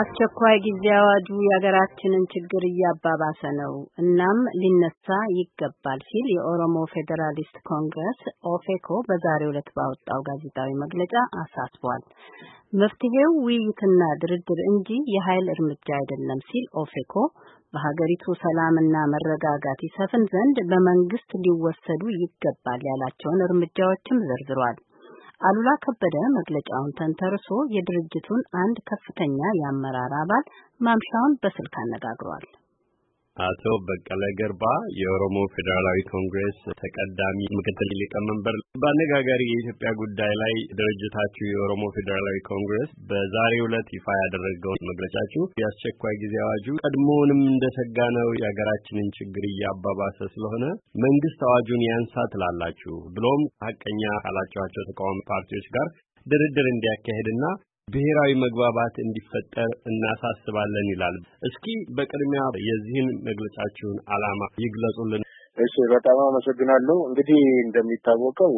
አስቸኳይ ጊዜ አዋጁ የሀገራችንን ችግር እያባባሰ ነው፣ እናም ሊነሳ ይገባል ሲል የኦሮሞ ፌዴራሊስት ኮንግረስ ኦፌኮ በዛሬው ዕለት ባወጣው ጋዜጣዊ መግለጫ አሳስቧል። መፍትሄው ውይይትና ድርድር እንጂ የኃይል እርምጃ አይደለም ሲል ኦፌኮ በሀገሪቱ ሰላምና መረጋጋት ይሰፍን ዘንድ በመንግስት ሊወሰዱ ይገባል ያላቸውን እርምጃዎችም ዘርዝሯል። አሉላ ከበደ መግለጫውን ተንተርሶ የድርጅቱን አንድ ከፍተኛ የአመራር አባል ማምሻውን በስልክ አነጋግሯል። አቶ በቀለ ገርባ የኦሮሞ ፌዴራላዊ ኮንግሬስ ተቀዳሚ ምክትል ሊቀመንበር፣ በአነጋጋሪ የኢትዮጵያ ጉዳይ ላይ ድርጅታችሁ የኦሮሞ ፌዴራላዊ ኮንግሬስ በዛሬው ዕለት ይፋ ያደረገው መግለጫችሁ የአስቸኳይ ጊዜ አዋጁ ቀድሞውንም እንደሰጋ ነው የሀገራችንን ችግር እያባባሰ ስለሆነ መንግስት አዋጁን ያንሳ ትላላችሁ፣ ብሎም ሀቀኛ ካላችኋቸው ተቃዋሚ ፓርቲዎች ጋር ድርድር እንዲያካሄድና ብሔራዊ መግባባት እንዲፈጠር እናሳስባለን ይላል። እስኪ በቅድሚያ የዚህን መግለጫችሁን ዓላማ ይግለጹልን። እሺ፣ በጣም አመሰግናለሁ። እንግዲህ እንደሚታወቀው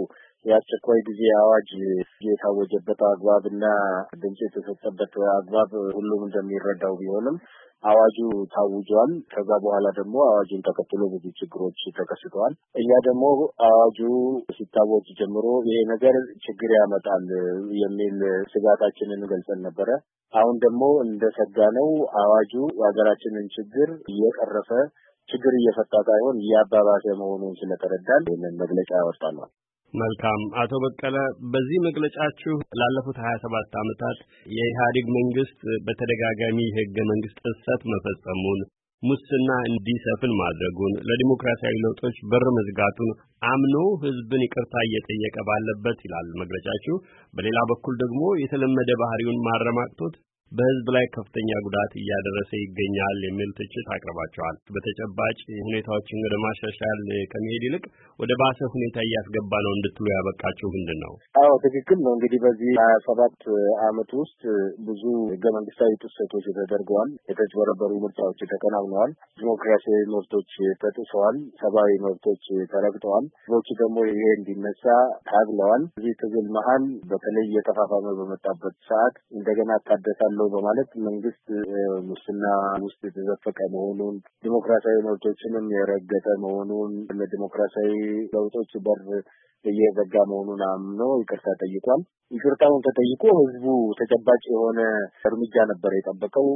የአስቸኳይ ጊዜ አዋጅ የታወጀበት አግባብ እና ድምጽ የተሰጠበት አግባብ ሁሉም እንደሚረዳው ቢሆንም አዋጁ ታውጇል። ከዛ በኋላ ደግሞ አዋጁን ተከትሎ ብዙ ችግሮች ተከስተዋል። እኛ ደግሞ አዋጁ ሲታወጅ ጀምሮ ይሄ ነገር ችግር ያመጣል የሚል ስጋታችንን ገልጸን ነበረ። አሁን ደግሞ እንደሰጋ ነው አዋጁ የሀገራችንን ችግር እየቀረፈ ችግር እየፈታ ሳይሆን እያባባሰ መሆኑን ስለተረዳን ይህንን መግለጫ ያወጣ መልካም አቶ በቀለ በዚህ መግለጫችሁ ላለፉት 27 ሰባት ዓመታት የኢህአዴግ መንግስት በተደጋጋሚ የህገ መንግስት ጥሰት መፈጸሙን ሙስና እንዲሰፍን ማድረጉን ለዲሞክራሲያዊ ለውጦች በር መዝጋቱን አምኖ ህዝብን ይቅርታ እየጠየቀ ባለበት ይላል መግለጫችሁ። በሌላ በኩል ደግሞ የተለመደ ባህሪውን ማረማቅቶት በህዝብ ላይ ከፍተኛ ጉዳት እያደረሰ ይገኛል የሚል ትችት አቅርባቸዋል። በተጨባጭ ሁኔታዎችን ወደ ማሻሻል ከመሄድ ይልቅ ወደ ባሰ ሁኔታ እያስገባ ነው እንድትሉ ያበቃችሁ ምንድን ነው? አዎ ትክክል ነው። እንግዲህ በዚህ ሀያ ሰባት አመት ውስጥ ብዙ ህገ መንግስታዊ ጥሰቶች ተደርገዋል። የተጭበረበሩ ምርጫዎች ተከናውነዋል። ዲሞክራሲያዊ መብቶች ተጥሰዋል። ሰብአዊ መብቶች ተረግጠዋል። ህዝቦች ደግሞ ይሄ እንዲነሳ ታግለዋል። እዚህ ትግል መሀል በተለይ እየተፋፋመ በመጣበት ሰዓት እንደገና ታደሳለ አለው በማለት መንግስት ሙስና ውስጥ የተዘፈቀ መሆኑን ዲሞክራሲያዊ መብቶችንም የረገጠ መሆኑን ለዲሞክራሲያዊ ለውጦች በር እየዘጋ መሆኑን አምኖ ይቅርታ ጠይቋል። ይቅርታውን ተጠይቆ ህዝቡ ተጨባጭ የሆነ እርምጃ ነበር የጠበቀው።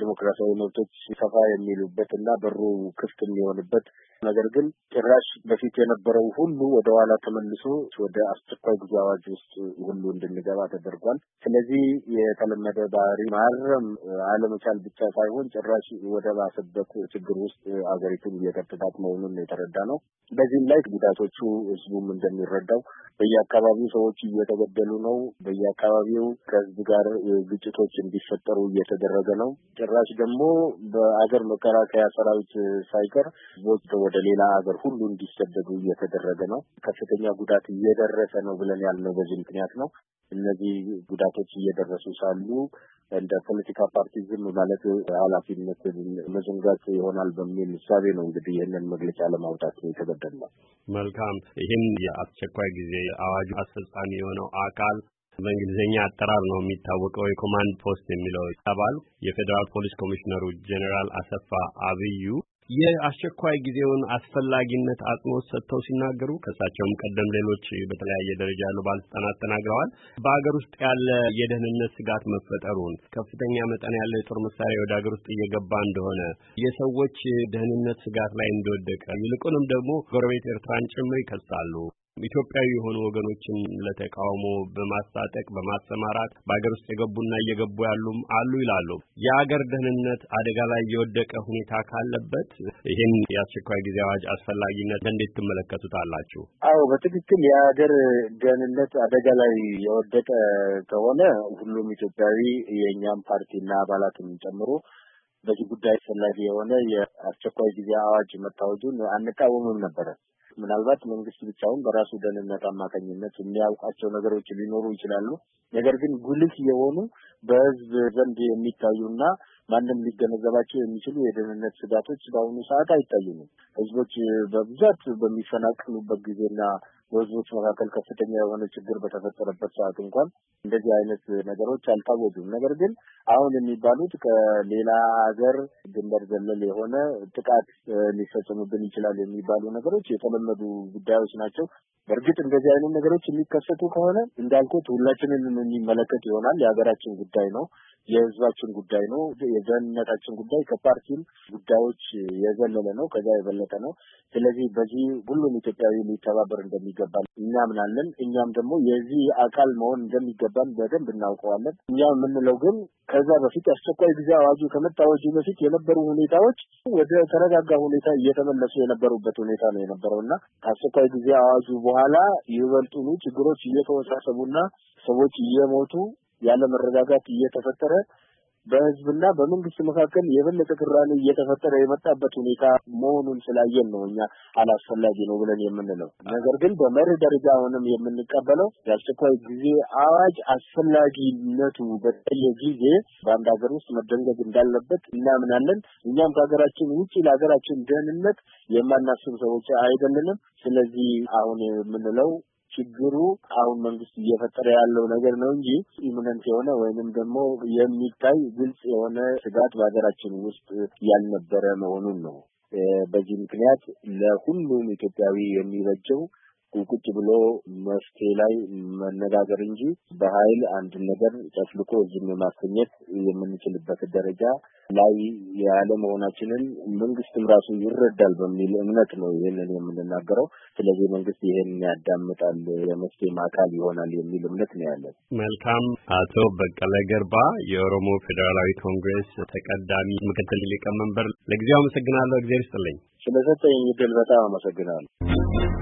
ዲሞክራሲያዊ መብቶች ሰፋ የሚሉበት እና በሩ ክፍት የሚሆንበት ነገር ግን ጭራሽ በፊት የነበረው ሁሉ ወደ ኋላ ተመልሶ ወደ አስቸኳይ ጊዜ አዋጅ ውስጥ ሁሉ እንድንገባ ተደርጓል። ስለዚህ የተለመደ ባህሪ ማረም አለመቻል ብቻ ሳይሆን ጭራሽ ወደ ባሰበት ችግር ውስጥ አገሪቱን እየከተታት መሆኑን የተረዳ ነው። በዚህም ላይ ጉዳቶቹ ህዝቡም እንደሚረዳው በየአካባቢው ሰዎች እየተገደሉ ነው። በየአካባቢው ከህዝብ ጋር ግጭቶች እንዲፈጠሩ እየተደረገ ነው። ጭራሽ ደግሞ በአገር መከላከያ ሰራዊት ሳይቀር ህዝቦች ወደ ሌላ ሀገር ሁሉ እንዲሰደዱ እየተደረገ ነው። ከፍተኛ ጉዳት እየደረሰ ነው ብለን ያልነው በዚህ ምክንያት ነው። እነዚህ ጉዳቶች እየደረሱ ሳሉ እንደ ፖለቲካ ፓርቲ ዝም ማለት ኃላፊነትን መዘንጋት ይሆናል በሚል እሳቤ ነው እንግዲህ ይህንን መግለጫ ለማውጣት የተገደድ ነው። መልካም። ይህን የአስቸኳይ ጊዜ አዋጁ አስፈጻሚ የሆነው አካል በእንግሊዝኛ አጠራር ነው የሚታወቀው የኮማንድ ፖስት የሚለው አባል የፌዴራል ፖሊስ ኮሚሽነሩ ጄኔራል አሰፋ አብዩ የአስቸኳይ ጊዜውን አስፈላጊነት አጽንኦት ሰጥተው ሲናገሩ ከእሳቸውም ቀደም ሌሎች በተለያየ ደረጃ ያሉ ባለስልጣናት ተናግረዋል። በሀገር ውስጥ ያለ የደህንነት ስጋት መፈጠሩን፣ ከፍተኛ መጠን ያለው የጦር መሳሪያ ወደ ሀገር ውስጥ እየገባ እንደሆነ፣ የሰዎች ደህንነት ስጋት ላይ እንደወደቀ ይልቁንም ደግሞ ጎረቤት ኤርትራን ጭምር ይከሳሉ። ኢትዮጵያዊ የሆኑ ወገኖችን ለተቃውሞ በማስታጠቅ በማሰማራት በሀገር ውስጥ የገቡና እየገቡ ያሉም አሉ ይላሉ። የሀገር ደህንነት አደጋ ላይ የወደቀ ሁኔታ ካለበት ይህን የአስቸኳይ ጊዜ አዋጅ አስፈላጊነት እንዴት ትመለከቱታላችሁ? አዎ በትክክል የሀገር ደህንነት አደጋ ላይ የወደቀ ከሆነ ሁሉም ኢትዮጵያዊ የእኛም ፓርቲና አባላትን ጨምሮ በዚህ ጉዳይ አስፈላጊ የሆነ የአስቸኳይ ጊዜ አዋጅ መታወጁን አንቃወምም ነበረ። ምናልባት መንግስት ብቻውን በራሱ ደህንነት አማካኝነት የሚያውቃቸው ነገሮች ሊኖሩ ይችላሉ። ነገር ግን ጉልህ የሆኑ በህዝብ ዘንድ የሚታዩና ማንም ሊገነዘባቸው የሚችሉ የደህንነት ስጋቶች በአሁኑ ሰዓት አይታዩንም። ህዝቦች በብዛት በሚፈናቀሉበት ጊዜና በህዝቦች መካከል ከፍተኛ የሆነ ችግር በተፈጠረበት ሰዓት እንኳን እንደዚህ አይነት ነገሮች አልታወጁም። ነገር ግን አሁን የሚባሉት ከሌላ ሀገር ድንበር ዘለል የሆነ ጥቃት ሊፈጽሙብን ይችላል የሚባሉ ነገሮች የተለመዱ ጉዳዮች ናቸው። በእርግጥ እንደዚህ አይነት ነገሮች የሚከሰቱ ከሆነ እንዳልኩት ሁላችንን የሚመለከት ይሆናል። የሀገራችን ጉዳይ ነው። የህዝባችን ጉዳይ ነው። የደህንነታችን ጉዳይ ከፓርቲም ጉዳዮች የዘለለ ነው፣ ከዛ የበለጠ ነው። ስለዚህ በዚህ ሁሉም ኢትዮጵያዊ ሊተባበር እንደሚገባ እናምናለን። እኛም ደግሞ የዚህ አካል መሆን እንደሚገባን በደንብ እናውቀዋለን። እኛ የምንለው ግን ከዛ በፊት አስቸኳይ ጊዜ አዋጁ ከመታወጁ በፊት የነበሩ ሁኔታዎች ወደ ተረጋጋ ሁኔታ እየተመለሱ የነበሩበት ሁኔታ ነው የነበረው እና ከአስቸኳይ ጊዜ አዋጁ በኋላ ይበልጡኑ ችግሮች እየተወሳሰቡና ሰዎች እየሞቱ ያለ መረጋጋት እየተፈጠረ በህዝብና በመንግስት መካከል የበለጠ ቅራኔ እየተፈጠረ የመጣበት ሁኔታ መሆኑን ስላየን ነው እኛ አላስፈላጊ ነው ብለን የምንለው። ነገር ግን በመርህ ደረጃ አሁንም የምንቀበለው የአስቸኳይ ጊዜ አዋጅ አስፈላጊነቱ በተለየ ጊዜ በአንድ ሀገር ውስጥ መደንገግ እንዳለበት እናምናለን። እኛም ከሀገራችን ውጭ ለሀገራችን ደህንነት የማናስብ ሰዎች አይደለንም። ስለዚህ አሁን የምንለው ችግሩ አሁን መንግስት እየፈጠረ ያለው ነገር ነው እንጂ ኢሚነንት የሆነ ወይንም ደግሞ የሚታይ ግልጽ የሆነ ስጋት በሀገራችን ውስጥ ያልነበረ መሆኑን ነው። በዚህ ምክንያት ለሁሉም ኢትዮጵያዊ የሚበጀው ቁጭ ብሎ መፍትሄ ላይ መነጋገር እንጂ በኃይል አንድ ነገር ጨፍልቆ እዚህ ማስገኘት የምንችልበት ደረጃ ላይ ያለ መሆናችንን መንግስትም ራሱ ይረዳል በሚል እምነት ነው ይህንን የምንናገረው። ስለዚህ መንግስት ይህን ያዳምጣል፣ የመፍትሄም አካል ይሆናል የሚል እምነት ነው ያለን። መልካም። አቶ በቀለ ገርባ የኦሮሞ ፌዴራላዊ ኮንግሬስ ተቀዳሚ ምክትል ሊቀመንበር፣ ለጊዜው አመሰግናለሁ። እግዜር ይስጥልኝ። ስለሰጠኝ እድል በጣም አመሰግናለሁ።